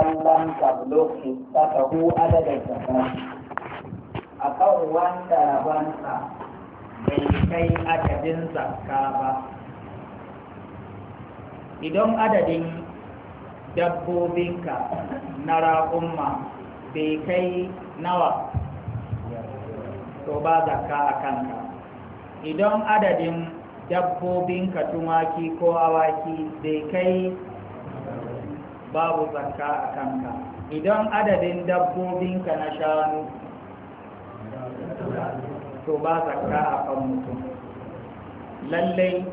lam tahu ada adadar sana atau wanda wanda bai kai adadin zakka ba idan adadin dabbobinka na ra'umma bai kai nawa to ba zakka a kanka idan adadin dabbobinka tumaki ko awaki bai kai babu zakka a kanka idan adadin dabbobinka na shanu to ba zakka a kan mutum lallai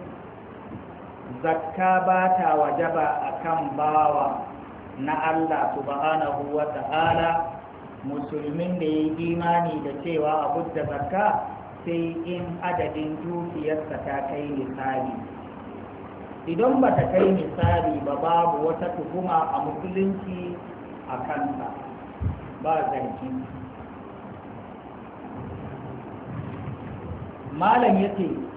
zakka ba ta wajaba a kan bawa na Allah subhanahu wa ta'ala musulmin da ya yi imani da cewa abu da zakka sai in adadin dukiyarsa ta kai misali idan ba ta kai misali ba babu wata tuhuma a musulunci a kanta ba zargi malam ya